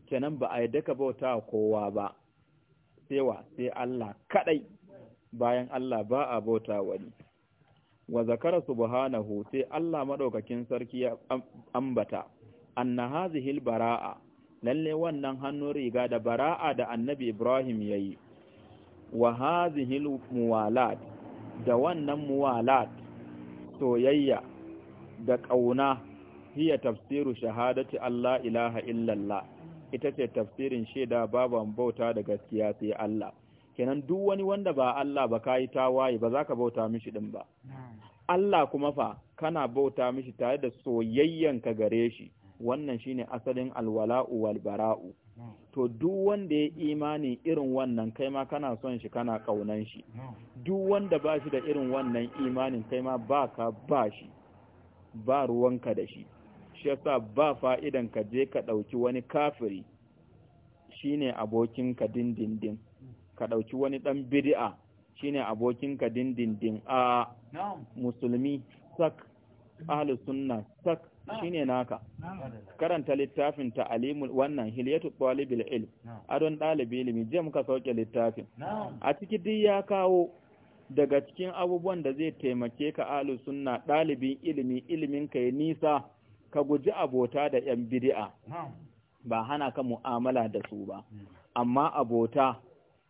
kenan ba a yi daka bauta kowa ba wa sai Allah kadai bayan Allah ba a bauta wani wa zakara subhanahu sai Allah madaukakin sarki ya ambata anna hazihil bara'a lalle wannan hannun riga da bara'a da annabi Ibrahim yayi wa hadhihi muwalat da wannan muwalat soyayya da ƙauna hiya tafsiru shahadati Allah ilaha illallah ita ce tafsirin shaida babu bauta da gaskiya sai Allah kenan duk wani wanda ba Allah ba kai tawaye ba zaka bauta mishi din ba Allah kuma fa kana bauta mishi tare da soyayyanka gare shi wannan shine asalin alwala'u wal to duk wanda ya imani irin wannan kai ma kana son shi kana kaunan shi duk wanda ba shi da irin wannan imanin kai ma ba ka ba shi ba ruwanka da shi shi yasa ba fa'idan ka je ka ɗauki wani kafiri shine abokinka dindindin ka ɗauki wani ɗan bid'a shine abokinka dindindin a musulmi sak ahlus sunna sak shine naka karanta littafin ta'alimu wannan hilyatu talibil ilm adon dalibi ilimi je muka sauke littafin a ciki duk ya kawo daga cikin abubuwan da zai taimake ka alu sunna dalibin ilimi ilimin ka ya nisa ka guji abota da yan bidi'a ba hana ka mu'amala da su ba amma abota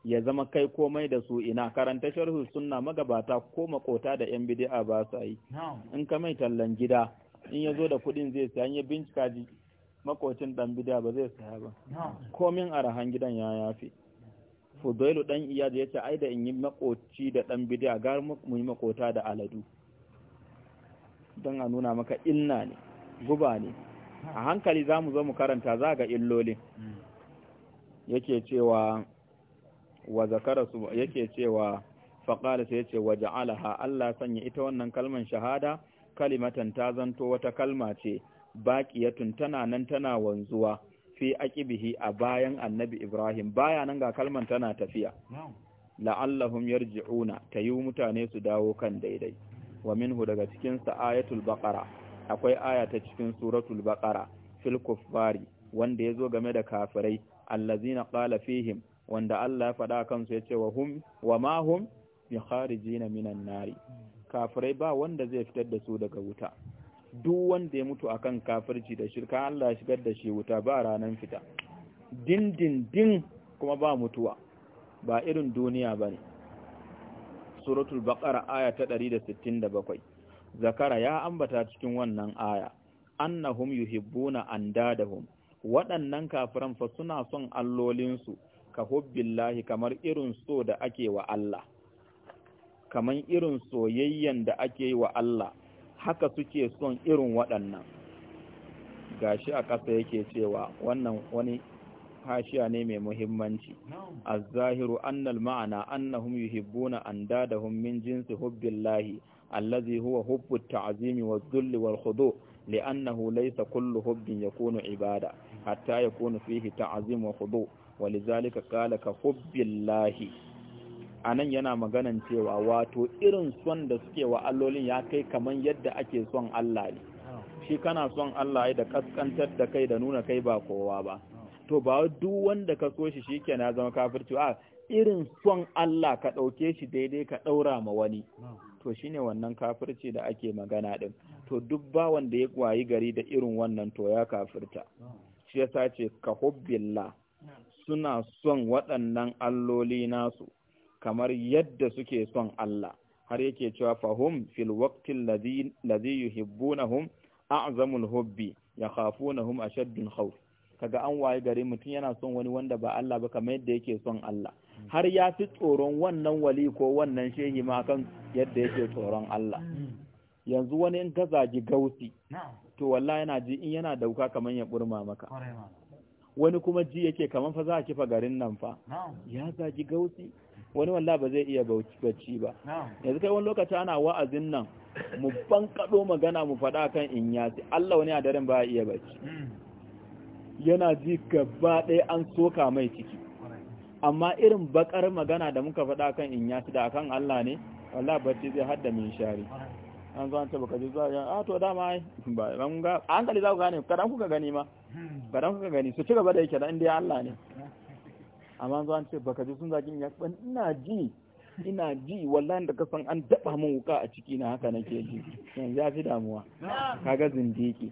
ya zama kai komai da su ina karanta sharhu sunna magabata ko makota da yan bidi'a ba su yi in ka mai tallan gida in ya zo da kuɗin zai saya ya bincika ji makocin ɗan bida ba zai saya ba komin arahan gidan ya yafe fudailu ɗan iyad ya ce ai da in yi makoci da ɗan bida ga mu yi makota da aladu don a nuna maka illa ne guba ne a hankali za mu zo mu karanta za ga illolin yake cewa wa zakara su yake cewa faƙala ya ce wa ja'alaha Allah sanya ita wannan kalman shahada kalimatan ta zanto wata kalma ce baƙiyatun tana nan tana wanzuwa fi aqibihi a bayan annabi Ibrahim baya nan ga kalman tana tafiya la'allahum yarji'una yiwu mutane su dawo kan daidai wa minhu daga cikin sa ayatul baqara akwai aya ta cikin suratul baqara fil kuffari wanda zo game da kafirai allazina qala fihim wanda Allah ya faɗa kansu yace wa hum wa ma hum bi kharijina minan nari hmm. kafirai ba wanda zai fitar da su daga wuta duk wanda ya mutu akan kafirci da shirka Allah shigar da shi wuta ba ranan fita Din-din-din kuma ba mutuwa ba irin duniya bane suratul baqara aya ta 167 zakara ya ambata cikin wannan aya annahum yuhibbuna andadahum waɗannan kafiran fa suna son allolinsu ka hubbillahi kamar irin so da ake wa Allah kamar irin soyayyen da ake yi wa Allah haka suke son irin waɗannan gashi a ƙasa yake cewa wannan wani hashiya ne mai muhimmanci az-zahiru annal ma'ana annahum yuhibbuna andadahum min jinsi hubbillahi allazi huwa hubbu at-ta'zimi waz-zulli wal-khudu li'annahu laysa kullu hubbin yakunu ibada hatta yakunu fihi ta'zim wa khudu ولذلك قال ka hubbillahi a nan yana maganan cewa wato irin son da suke wa allolin ya kai kamar yadda ake son Allah ne shi kana son Allah da kaskantar da kai da nuna kai ba kowa ba to ba duk wanda ka so shi shikenan ya zama kafirci a irin son Allah ka ɗauke shi daidai ka ɗaura ma wani to shine wannan kafirci da ake magana din to duk ba wanda ya kwayi gari da irin wannan to ya kafirta shi yasa ce ka hubbillah suna son waɗannan alloli nasu kamar yadda suke son Allah har yake cewa fahum fil waqti alladhi yuhibbunahum a'zamul hubbi yakhafunahum ashaddul khawf kaga an waye gare mutum yana son wani wanda ba Allah ba kamar yadda yake son Allah har ya fi tsoron wannan wali ko wannan shehi ma kan yadda yake tsoron Allah yanzu wani in ka zagi gausi to wallahi yana ji in yana dauka kamar ya burma maka wani kuma ji yake kamar fa za a kifa garin nan fa ya zagi gausi wani wallah ba zai iya bacci ba yanzu kai wani lokaci ana wa'azin nan mu bankaɗo magana mu faɗa kan in yasi Allah wani a daren ba iya bacci hmm. yana ji gaba ɗaya an soka mai ciki amma irin bakar magana da muka faɗa kan in yasi da akan Allah ne wallah bacci zai hadda min shari an zo an ce baka ji za a ah, to dama ai ba an ga an kali za ku gane kadan kuka gani ma hmm. kadan kuka gani su ci gaba da yake dan dai Allah ne amma zo an ce baka ji sun zagin ya ban ina ji ina ji wallahi da kasan an daba min wuka a ciki na haka nake ji yanzu ya fi damuwa kaga zindiki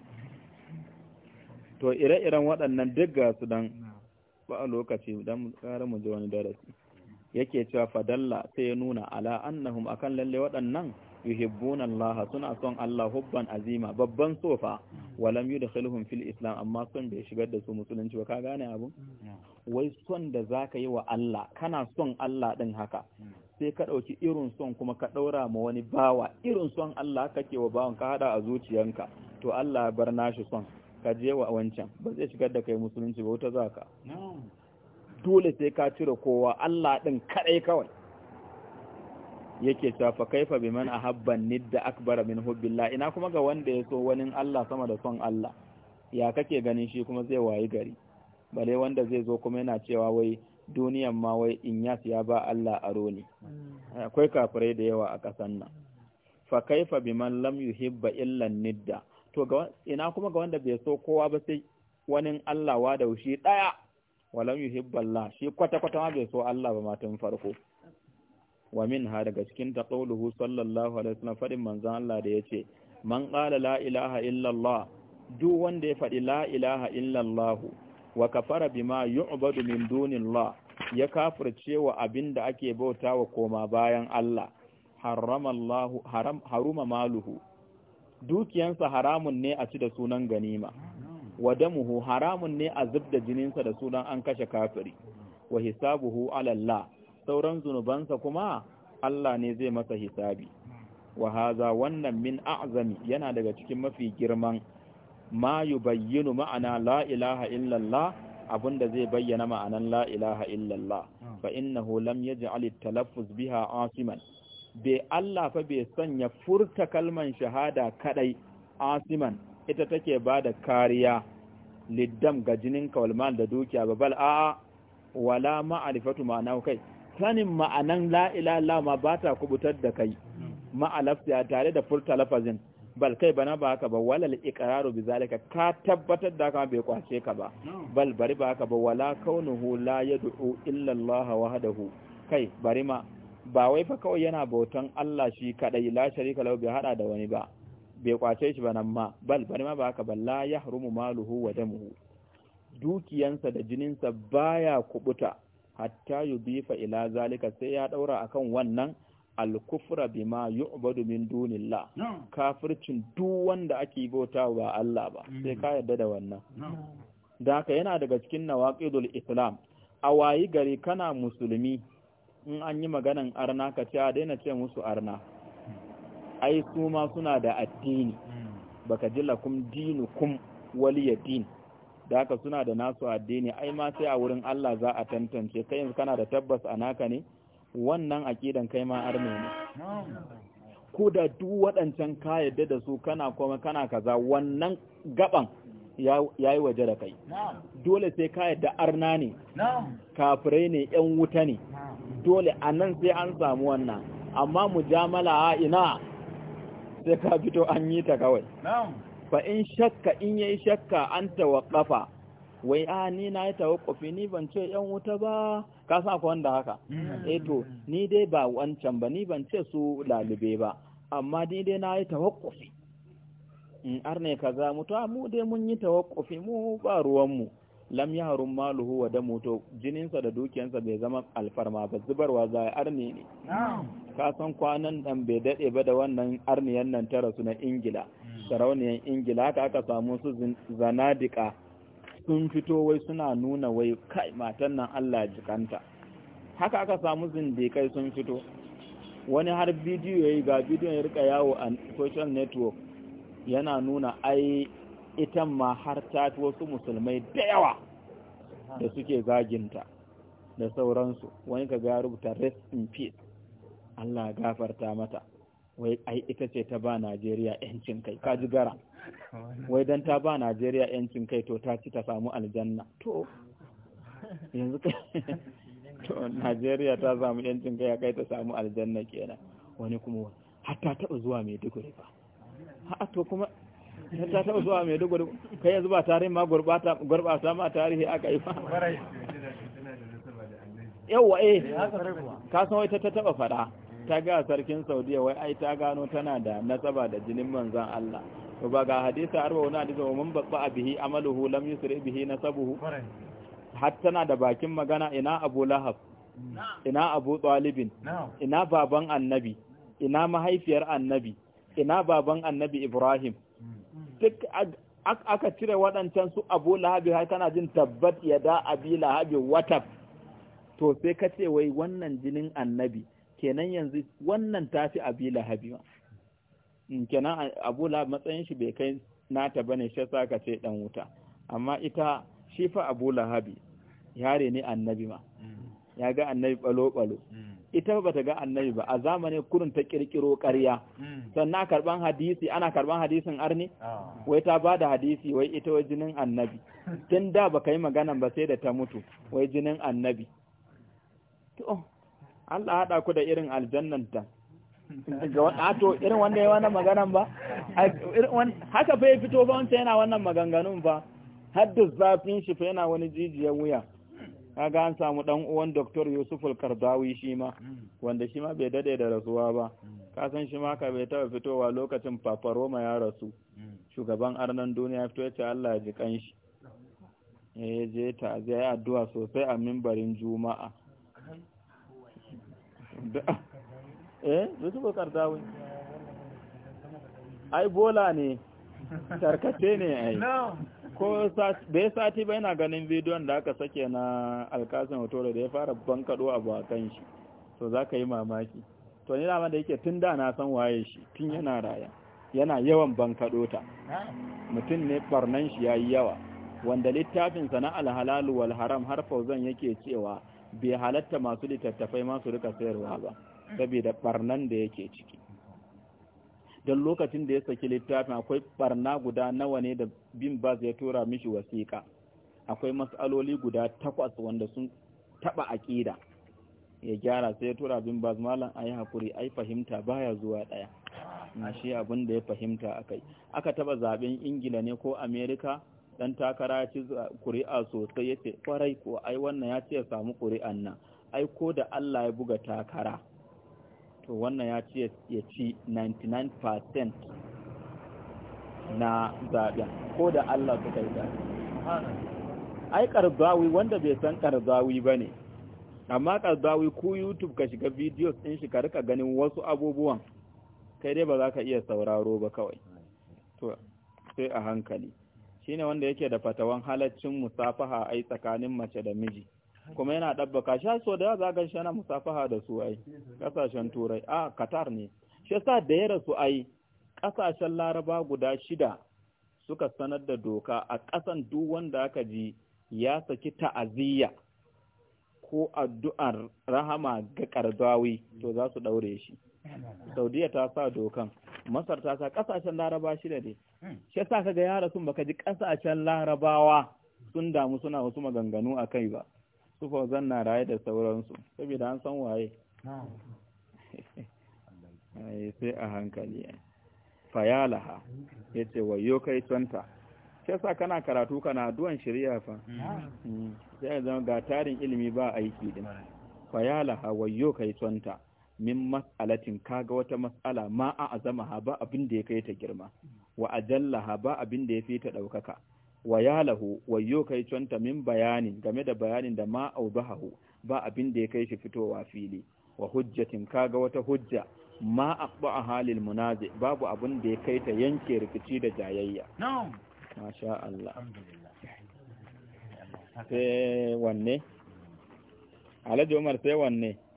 to ire-iren waɗannan duk ga su dan ba a lokaci dan kare mu ji wani darasi yake cewa fadalla sai ya nuna ala annahum akan lalle waɗannan yuhibbuna Allah suna son Allah hubban azima babban sofa walam yudkhiluhum fil islam amma son bai shigar da su musulunci ba ka gane abu wai son da zaka yi wa Allah kana son Allah din haka sai ka dauki irin son kuma ka daura ma wani bawa irin son Allah kake wa bawan ka hada a zuciyanka to Allah ya bar nashi son ka je wa wancan ba zai shigar da kai musulunci ba wuta zaka dole sai ka cire kowa Allah din kadai kawai yake cewa fa kaifa man ahabba nidda akbara min hubbillah ina kuma ga wanda ya so wani Allah sama da son Allah ya kake ganin shi kuma zai wayi gari bale wanda zai zo kuma yana cewa wai duniyan ma wai in ya ba Allah aro ne hmm. akwai kafirai da yawa a kasan nan fa kaifa man lam yuhibba illa nidda to ga ina kuma ga wanda bai so kowa ba sai wani Allah wa da shi daya walam yuhibba Allah shi kwata kwata ma bai so Allah ba ma farko wa min ha daga cikin ta qauluhu sallallahu alaihi wasallam fadin manzon Allah da yace man qala la ilaha illallah duk wanda ya fadi la ilaha illallah wa kafara bima yu'badu min dunillah ya kafirce wa abinda ake bauta wa koma bayan Allah Allah haram haruma maluhu dukiyansa haramun ne a ci da sunan ganima wa damuhu haramun ne a zubda jininsa da sunan an kashe kafiri wa hisabuhu ala Allah sauran zunubansa kuma Allah ne zai masa hisabi wa haza wannan min a'zami yana daga cikin mafi girman ma yubayyinu ma'ana la ilaha illallah abinda zai bayyana ma'anan la ilaha illallah fa innahu lam yaj'al at-talaffuz biha asiman Be Allah fa be sanya furta kalman shahada kadai asiman ita take bada kariya liddam ga jinin kawalmal da dukiya babal a'a wala ma'arifatu ma'anahu kai sanin ma'anan la'ila ma ba ta kubutar da kai hmm. ma'alafsiya tare da furta lafazin bal kai bana ba haka ba walal iqraru bizalika ka tabbatar da haka bai kwace ka ba bal bari ba haka ba wala kaunuhu la yad'u illa Allah wahdahu kai bari ma ba wai fa kawai yana bautan Allah shi kadai la sharika lahu bai hada da wani ba bai kwace shi ba nan ma bal bari ma ba haka ba la yahrumu maluhu wa damuhu dukiyansa da jininsa baya kubuta hatta yudifa ila zalika sai ya daura akan wannan al-kufra bima yu'badu min dunillah kafircin duk wanda ake bauta ba Allah ba mm. sai ka yarda da wannan da haka yana daga cikin nawaqidul islam a wayi gari kana musulmi in an yi maganan arna ka ce a daina ce musu arna ai su suna da addini mm. baka ji lakum dinukum waliyadin da haka suna da nasu addini ai ma sai a wurin Allah za a tantance kai yanzu kana da tabbas a naka ne wannan aqidan kai ma arme ne ko da duk waɗancan ka yadda da su kana kuma kana kaza wannan gaban ya yayi waje da kai dole sai ka yadda arna ne kafirai ne yan wuta ne dole anan sai an samu wannan amma mujamala a ina sai ka fito an yi ta kawai fa in shakka in yayi shakka an tawaqqafa wai a ah, ni na yi tawakkufi ni ban ce yan wuta ba ka sa akwai wanda haka mm. eh to ni dai ba wancan ba ni ban ce su lalube ba amma ni dai na yi tawakkufi in arne kaza mutu ah, mu dai mun yi tawakkufi mu ba ruwan mu lam harun maluhu wa da to jininsa da dukiyansa bai zama alfarma ba zubarwa za arni ne ka kwanan dan bai dade ba da wannan arniyan nan ta rasu na ingila mm. sarauniyar ingila haka aka samu su zanadika sun fito wai suna nuna wai kai matan nan allah jikanta haka aka samu zindikai sun fito wani har bidiyo ya yi ga bidiyon ya rika yawo a social network yana nuna ai itan ma har ta wasu musulmai da yawa da suke zaginta da sauransu wani ka ga rubuta rest in peace Allah gafarta mata wai ai ita ce ta ba Najeriya yancin kai ka ji gara wai dan ta ba Najeriya yancin kai to ta ci ta samu aljanna to yanzu kai, to Najeriya ta samu yancin kai ya kai ta samu aljanna kenan wani kuma har ta taba zuwa Maiduguri ba ha to kuma har ta taba zuwa Maiduguri kai yanzu ba tarihi ma gurbata gurbata ma tarihi aka yi ba
yawa eh, eh ka
san wai ta taba fada ta ga sarkin saudiya wai ai ta gano tana da nasaba da jinin manzan Allah to ba ga hadisa arba wani hadisa wa man a bihi amaluhu lam yusri bihi nasabuhu har tana da bakin magana ina Abu Lahab ina Abu Talibin ina baban annabi ina mahaifiyar annabi ina baban annabi Ibrahim hmm. duk aka cire waɗancan su Abu Lahab har tana jin tabbat yada Abi Lahab watab to sai ka ce wai wannan jinin annabi kenan yanzu wannan tafi abi lahabi ma kenan abu la matsayin shi bai kai nata bane shi yasa ka ce dan wuta amma ita shi fa abu lahabi yare ne annabi ma mm. ya ga annabi balo-balo mm. ita ba ta ga annabi ba a zamanin kurun ta kirkiro ƙarya mm. sannan karban hadisi ana karban hadisin arni ah. wai ta ba hadisi wai ita wai jinin annabi tun da ba ka yi magana ba sai da ta mutu wai jinin annabi Allah haɗa ku da irin aljannan ta ga wani irin wanda ya wannan maganan ba haka fa ya fito ba wancan yana wannan maganganun ba haddus zafin shi fa yana wani jijiyar wuya kaga an samu dan uwan Dr. Yusuf Al-Kardawi shi ma wanda shi ma bai dade da rasuwa ba ka san shi ma ka bai taba fitowa lokacin Papa Roma ya rasu shugaban arnan duniya fito ya ce Allah ya ji kanshi eh je ta zai addu'a sosai a mimbarin juma'a eh ai bola ne tarkace ne ai ko da ya sati bai na ganin bidiyon da aka sake na alkasin hoto da ya fara bankado a kan shi to za ka yi mamaki to ni dama da yake tun da na san waye shi tun yana raya yana yawan bankado ta mutum ne barnan shi ya yi yawa wanda littafinsa na alhalalu walharam har fauzan yake cewa bai halatta masu littattafai masu rika sayarwa ba saboda barnan da yake ciki don lokacin da ya saki littafin akwai barna guda nawa ne da bin bas ya tura mishi wasiƙa akwai matsaloli guda takwas wanda sun taba aƙida ya gyara sai ya tura bin baz malam ayi hakuri ai fahimta baya zuwa ɗaya na shi abin da ya fahimta akai aka taba zaben ingila ne ko amerika. dan takara ya ci ƙuri'a sosai ya ce kwarai ko ai wannan ya ce ya samu ƙuri'an nan ai ko da Allah ya buga takara to wannan ya ce ya ci 99% na zaɓen ko da Allah suka yi
zaɓe
ai ƙarzawi wanda bai san ƙarzawi ba ne amma ƙarzawi ko youtube ka shiga videos ɗin shi ka rika ganin wasu abubuwan kai dai ba za ka iya sauraro ba kawai to sai a hankali shine wanda yake da fatawan halaccin musafaha ai tsakanin mace da miji kuma yana ɗabbaka shi so da yawa za ga shi musafaha da su ai Ƙasashen turai a Qatar ne shi sa da ya rasu ai ƙasashen Laraba guda shida suka sanar da doka a ƙasan duk wanda aka ji ya saki ta'aziyya ko addu'ar rahama ga ƙarzawi to za su daure shi Saudiya ta sa dokan masar ta sa ƙasashen laraba da ne hmm. shi sa kaga yara sun baka ji ƙasashen larabawa sun damu suna wasu maganganu a kai ba su zan na raye da sauransu saboda an san waye sai a hankali fayalaha ya ce wayo kai tonta shi sa kana karatu kana duwan shirya fa hmm. Hmm. sai ya zama ga tarin ilimi ba aiki din fayalaha wayo kai tonta min mas'alatin kaga wata mas'ala ma a azama ha ba abin da ya kai ta girma wa ha ba abin da ya fi ta ɗaukaka wa yalahu kai conta min bayanin game da bayanin da ma aubahahu ba abin da ya kai shi fitowa fili wa hujjatin kaga wata hujja ma aqba halil munazi babu abin da ya kai ta yanke rikici da jayayya na'am masha Allah sai wanne Alhaji Umar sai wanne